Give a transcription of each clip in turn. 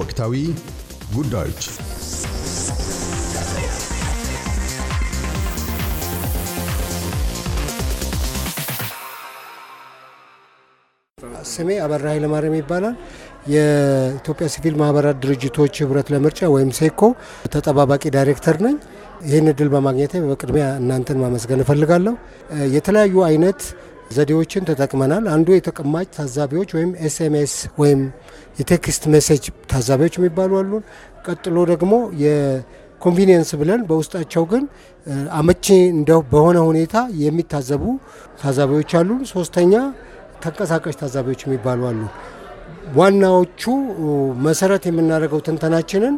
ወቅታዊ ጉዳዮች ስሜ አበራ ኃይለማርያም ይባላል። የኢትዮጵያ ሲቪል ማህበራት ድርጅቶች ህብረት ለምርጫ ወይም ሴኮ ተጠባባቂ ዳይሬክተር ነኝ። ይህን እድል በማግኘቴ በቅድሚያ እናንተን ማመስገን እፈልጋለሁ። የተለያዩ አይነት ዘዴዎችን ተጠቅመናል። አንዱ የተቀማጭ ታዛቢዎች ወይም ኤስኤምኤስ ወይም የቴክስት ሜሴጅ ታዛቢዎች የሚባሉ አሉ። ቀጥሎ ደግሞ የኮንቪኒየንስ ብለን በውስጣቸው ግን አመቺ በሆነ ሁኔታ የሚታዘቡ ታዛቢዎች አሉ። ሶስተኛ ተንቀሳቃሽ ታዛቢዎች የሚባሉ አሉ። ዋናዎቹ መሰረት የምናደርገው ትንተናችንን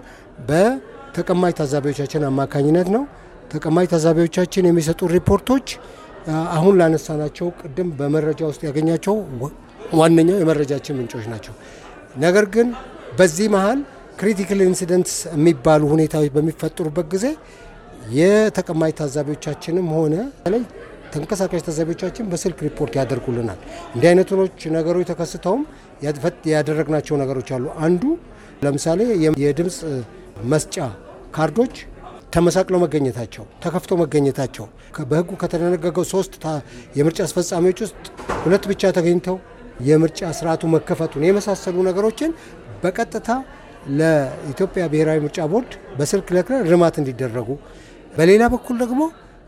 በተቀማጭ ታዛቢዎቻችን አማካኝነት ነው። ተቀማጭ ታዛቢዎቻችን የሚሰጡ ሪፖርቶች አሁን ላነሳናቸው ቅድም በመረጃ ውስጥ ያገኛቸው ዋነኛው የመረጃችን ምንጮች ናቸው። ነገር ግን በዚህ መሀል ክሪቲካል ኢንሲደንትስ የሚባሉ ሁኔታዎች በሚፈጠሩበት ጊዜ የተቀማጭ ታዛቢዎቻችንም ሆነ በተለይ ተንቀሳቃሽ ታዛቢዎቻችን በስልክ ሪፖርት ያደርጉልናል። እንዲህ አይነቶች ነገሮች ተከስተውም ያደረግናቸው ነገሮች አሉ። አንዱ ለምሳሌ የድምፅ መስጫ ካርዶች ተመሳቅለው መገኘታቸው፣ ተከፍቶ መገኘታቸው በህጉ ከተደነገገው ሶስት የምርጫ አስፈጻሚዎች ውስጥ ሁለት ብቻ ተገኝተው የምርጫ ስርዓቱ መከፈቱን የመሳሰሉ ነገሮችን በቀጥታ ለኢትዮጵያ ብሔራዊ ምርጫ ቦርድ በስልክ ለክረ እርማት እንዲደረጉ በሌላ በኩል ደግሞ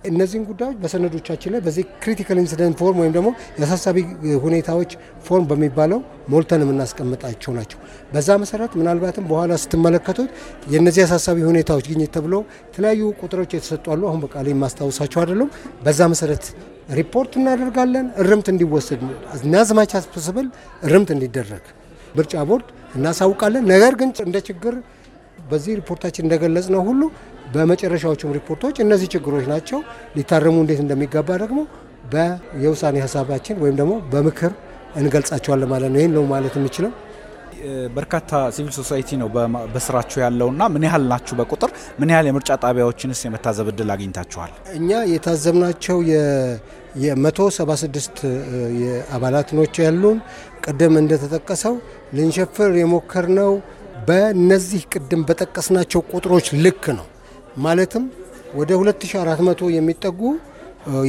እነዚህን ጉዳዮች በሰነዶቻችን ላይ በዚህ ክሪቲካል ኢንሲደንት ፎርም ወይም ደግሞ የአሳሳቢ ሁኔታዎች ፎርም በሚባለው ሞልተን የምናስቀምጣቸው ናቸው። በዛ መሰረት ምናልባትም በኋላ ስትመለከቱት የእነዚህ አሳሳቢ ሁኔታዎች ግኝት ተብሎ የተለያዩ ቁጥሮች የተሰጡ አሉ። አሁን በቃ ላይ የማስታውሳቸው አይደለም። በዛ መሰረት ሪፖርት እናደርጋለን። እርምት እንዲወሰድ ዝማቻ ስብል እርምት እንዲደረግ ምርጫ ቦርድ እናሳውቃለን። ነገር ግን እንደ ችግር በዚህ ሪፖርታችን እንደገለጽ ነው ሁሉ በመጨረሻዎቹም ሪፖርቶች እነዚህ ችግሮች ናቸው፣ ሊታረሙ እንዴት እንደሚገባ ደግሞ የውሳኔ ሀሳባችን ወይም ደግሞ በምክር እንገልጻቸዋለን ማለት ነው። ይህን ነው ማለት የምችለው። በርካታ ሲቪል ሶሳይቲ ነው በስራችሁ ያለውና ምን ያህል ናችሁ በቁጥር? ምን ያህል የምርጫ ጣቢያዎችንስ የመታዘብ እድል አግኝታችኋል? እኛ የታዘብናቸው የ176 አባላት ኖች ያሉን ቅድም እንደተጠቀሰው ልንሸፍር የሞከርነው በነዚህ ቅድም በጠቀስናቸው ቁጥሮች ልክ ነው። ማለትም ወደ 2400 የሚጠጉ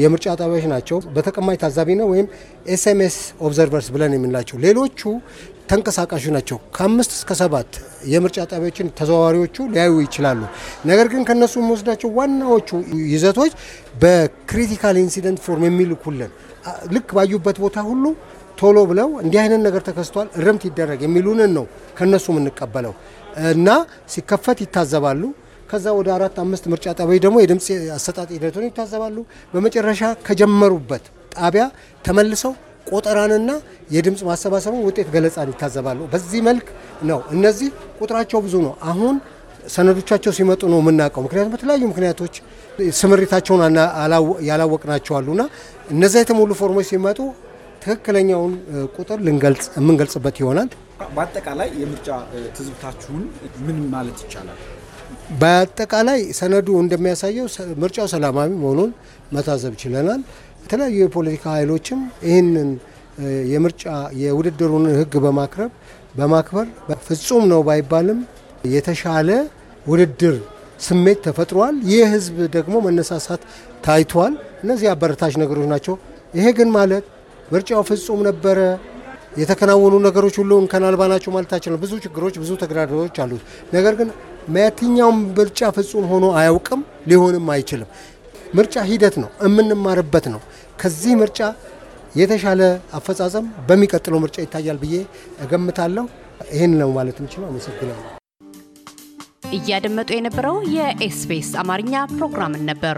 የምርጫ ጣቢያዎች ናቸው። በተቀማጭ ታዛቢ ነው ወይም ኤስኤምኤስ ኦብዘርቨርስ ብለን የምንላቸው ሌሎቹ ተንቀሳቃሽ ናቸው። ከአምስት እስከ ሰባት የምርጫ ጣቢያዎችን ተዘዋዋሪዎቹ ሊያዩ ይችላሉ። ነገር ግን ከነሱ የምወስዳቸው ዋናዎቹ ይዘቶች በክሪቲካል ኢንሲደንት ፎርም የሚልኩልን ልክ ባዩበት ቦታ ሁሉ ቶሎ ብለው እንዲህ አይነት ነገር ተከስቷል፣ እርምት ይደረግ የሚሉንን ነው ከነሱ የምንቀበለው እና ሲከፈት ይታዘባሉ። ከዛ ወደ አራት አምስት ምርጫ ጣቢያ ደግሞ የድምፅ አሰጣጥ ሂደቱን ይታዘባሉ። በመጨረሻ ከጀመሩበት ጣቢያ ተመልሰው ቆጠራንና የድምፅ ማሰባሰቡን ውጤት ገለጻን ይታዘባሉ። በዚህ መልክ ነው። እነዚህ ቁጥራቸው ብዙ ነው። አሁን ሰነዶቻቸው ሲመጡ ነው የምናውቀው። ምክንያቱም በተለያዩ ምክንያቶች ስምሪታቸውን ያላወቅናቸዋሉና እነዚያ የተሞሉ ፎርሞች ሲመጡ ትክክለኛውን ቁጥር የምንገልጽበት ይሆናል። በአጠቃላይ የምርጫ ትዝብታችሁን ምን ማለት ይቻላል? በአጠቃላይ ሰነዱ እንደሚያሳየው ምርጫው ሰላማዊ መሆኑን መታዘብ ችለናል። የተለያዩ የፖለቲካ ኃይሎችም ይህንን የምርጫ የውድድሩን ህግ በማቅረብ በማክበር ፍጹም ነው ባይባልም የተሻለ ውድድር ስሜት ተፈጥሯል። ይህ ህዝብ ደግሞ መነሳሳት ታይቷል። እነዚህ አበረታች ነገሮች ናቸው። ይሄ ግን ማለት ምርጫው ፍጹም ነበረ የተከናወኑ ነገሮች ሁሉ እንከን አልባ ናቸው ማለት አይችልም። ብዙ ችግሮች፣ ብዙ ተግዳሮቶች አሉት። ነገር ግን የትኛውም ምርጫ ፍጹም ሆኖ አያውቅም፣ ሊሆንም አይችልም። ምርጫ ሂደት ነው፣ የምንማርበት ነው። ከዚህ ምርጫ የተሻለ አፈጻጸም በሚቀጥለው ምርጫ ይታያል ብዬ እገምታለሁ። ይህን ነው ማለት የምችለው። አመሰግናለሁ። እያደመጡ የነበረው የኤስቢኤስ አማርኛ ፕሮግራምን ነበር።